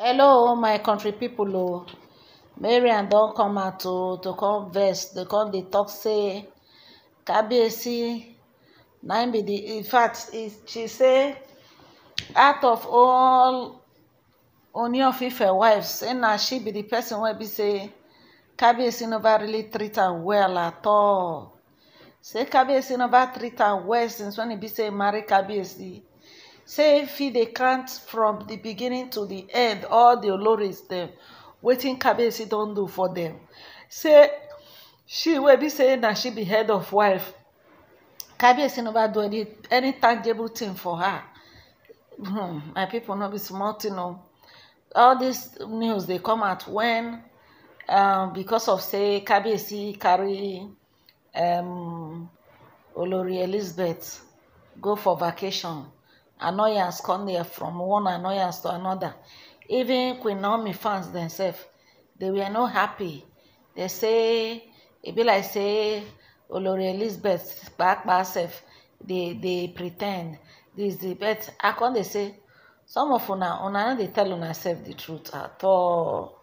hello my country people o oh. mariam don come out o oh, to come vex dey come dey talk say kabiyesi na im be the in fact she say out of all Ooni of Ife wives say na she be the person wey be say kabiyesi never really treat am well at all say kabiyesi never treat am well since when he be say e marry kabiyesi say if e dey count from the beginning to the end all the oloris dem wetin kabiyesi don do for dem say she wey be say na she be head of wife kabiyesi never do any any tangible thing for her hmm, my people no be small thing o all dis news dey come out when, um, because of say kabiyesi carry um, olori elizabeth go for vacation annoyance come there from one annoyance to another. Even Queen Naomi fans themselves, they were not happy. They say, it be like say, Olori Elizabeth back by herself, they, they pretend this, the but I come dey say, some of una, una no dey tell una self the truth at all.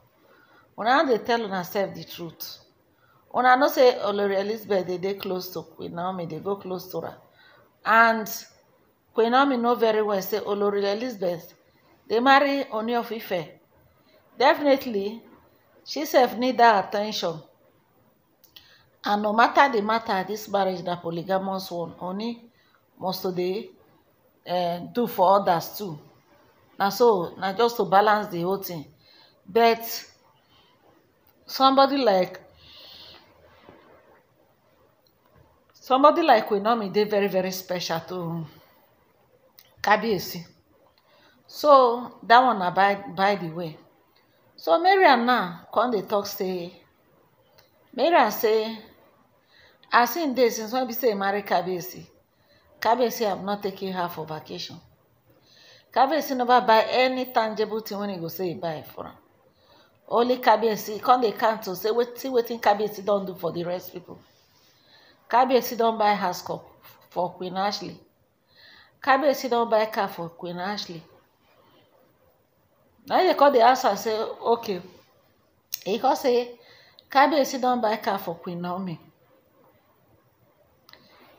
Una no dey tell una self the truth. Una know say Olori Elizabeth they dey close to Queen Naomi, They go close to her. And Queen Naomi know very well say Olori Elizabeth they marry only of Ife. Definitely, she sef need that attention. And no matter the matter, this marriage na polygamous one. only must to dey uh, do for others too. Now so, now just to balance the whole thing. But somebody like somebody like Queen Naomi they very very special too. Kabiyesi. So dat one na by by the way. So Mariam now come dey talk say Mariam say as im dey since when be say e marry kabiesi kabiesi have not taken her for vacation. Kabiyesi never buy any tangible thing when e go say e buy for am. Only Kabiyesi come dey count to say wetin wetin kabiesi don do for the rest people. kabiesi don buy house cup for Queen Ashley. Kabiyesi don buy car for Queen Ashley. Na im dey come dey ask say okay He call say Kabiyesi don buy car for Queen Naomi.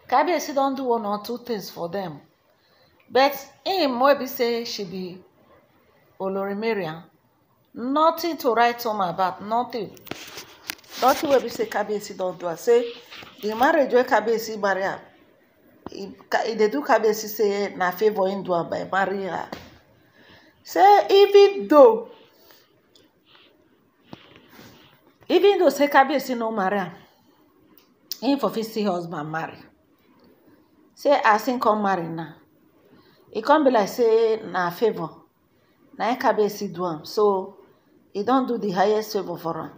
Kabiyesi don do one or two things for them. but him wey be say she be Olori Mariam nothing to write home about nothing nothing wey be say Kabiyesi don do am say the marriage wey Kabiyesi marry am he, he dey do kabiyesi say na favour him do am by marrying her say even though even though say kabiyesi no marry am him for fit see husband marry say as him come marry now e come be like say na favour na him kabiyesi do am so e don do the highest favour for am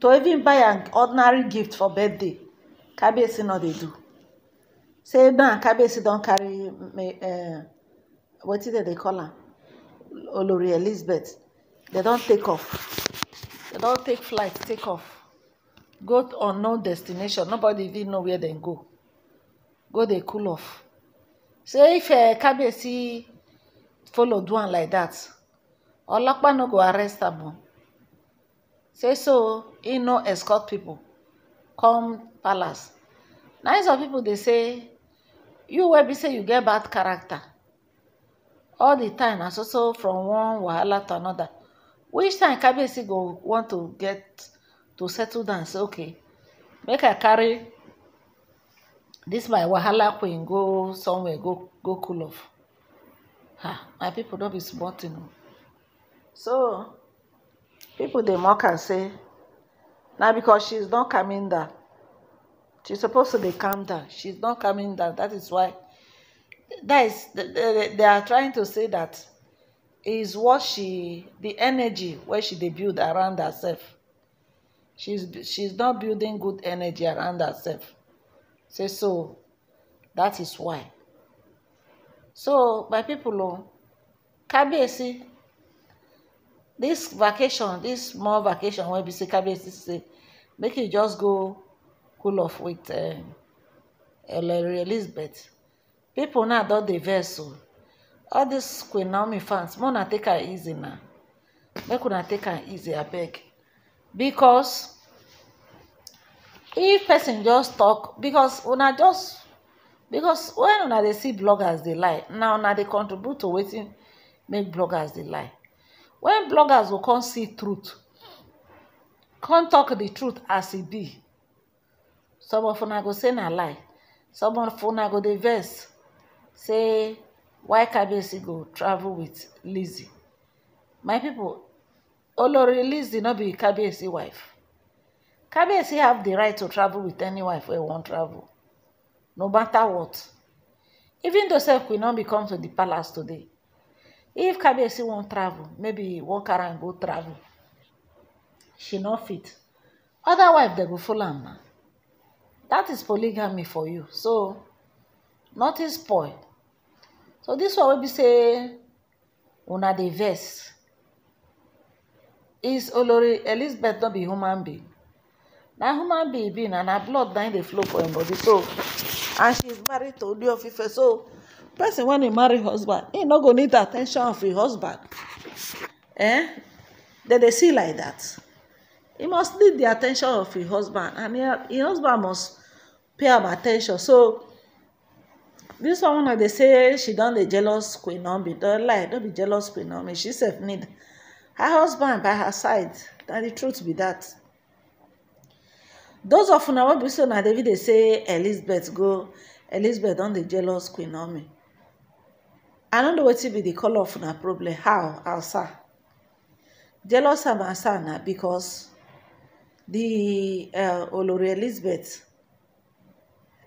to even buy am ordinary gift for birthday kabiyesi no dey do say now kabesi don't carry eh, wetin dem they call am olori elizabeth They don't take off They don't take flight take off go unknown destination nobody even know where they go go they cool off say if eh, kabesi follow do am like dat olopa no go arrest them. say so he no escort people, come palace na some people they say you wey be say you get bad character all the time na so so from one wahala to another which time kabiyesi go want to get to settle down say okay make i carry this my wahala queen go somewhere go go cool off ha my people no be small thing o so people dey mock am say na because she is not coming down she's supposed to be calm down she's not calming down that is why that is they, they are trying to say that is what she the energy where she dey around herself she's she's not building good energy around herself say so that is why so my people o this vacation this small vacation wey be say kabiyesi say make you just go cool off with elere eh, elizabeth pipo now don dey vex o oh. all dis queen naomi fans more na take am easy na make una take am easy abeg because if person just talk because una just because when una they see bloggers they lie na una dey contribute to waiting make bloggers they lie when bloggers go come see truth come talk the truth as it e be some of una go say na lie some of una go dey vex say why kabiyesi go travel with lizzie my people olori lizzie no be kabiyesi wife kabiyesi have the right to travel with any wife wey wan travel no matter what even though sef queen be come to the palace today if kabiyesi wan travel maybe he wan carry am go travel she no fit other wife dey go follow am na that is polygamy for you so nothing spoil so this one wey be say una dey vex is olori elizabeth no be human being na human being be na na blood na dey flow for im body so and she is married to ooni of so person when he marry husband he no go need at ten tion of im husband eh dem dey see like that He must need the attention of his husband and his husband must pay am attention so this one na dey say she don dey jealous queen nomi don lie no be jealous queen nomi she sef need her husband by her side na the truth be that. those of una wey be so na david dey say elizabeth go elizabeth don dey jealous queen naomi i no know wetin be the colour of una problem how answer jealous am answer na because the uh, olori elizabeth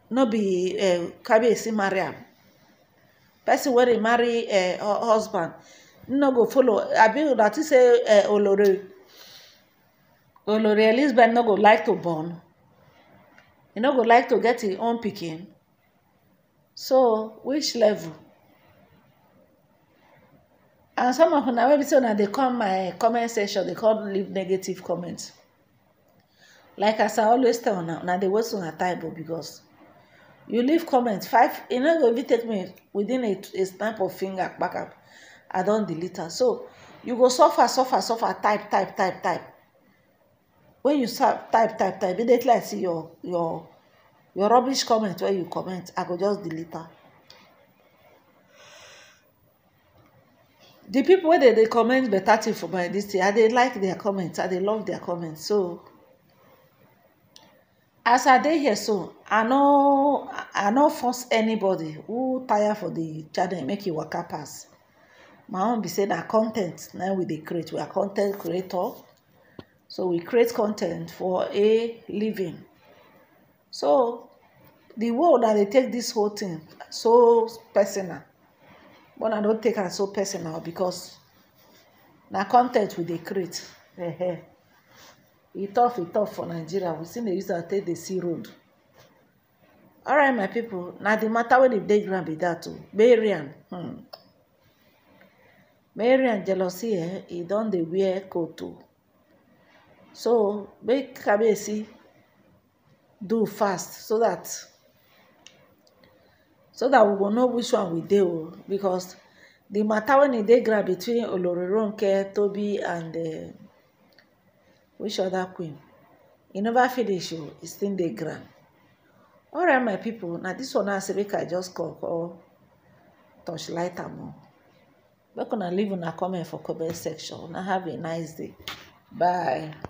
no be uh, eh, kabiyesi marry am person wey dey marry uh, husband no go follow abi una think say uh, olori olori elizabeth no go like to born he no go like to get im own pikin so which level and some of una wey be say una dey come my comment section dey come leave negative comments like as i always tell una una dey waste una time but because you leave comment five e no go even take me within a a snap of finger back up. i don delete am so you go suffer suffer suffer type type type type when you type type type immediately i see your your your rubbish comment When you comment i go just delete am the people wey dey dey comment better thing for my dis thing i dey like their comment i dey love their comment so as i dey here so i no i no force anybody who tire for the channel make e waka pass my own be say na con ten t na we dey create we are con ten t creator so we create con ten t for a living so the way una dey take this whole thing so personal but I no take am so personal because na con ten t we dey create e tough e tough for nigeria we still dey use am take dey see road All right, my people. na the matter wey dey ground be dat o oh. marian hmm. marian jealousy eh e don dey wear coat o oh. so make kabiyesi do fast so that so that we go know which one we dey o oh. because the matter wey dey ground between Olori Ronke Tobi and. Uh, which other queen e never finish o e still dey ground right my pipo na dis one na say make i just call or touch light am o make una leave una comment for comment section una have a nice day bye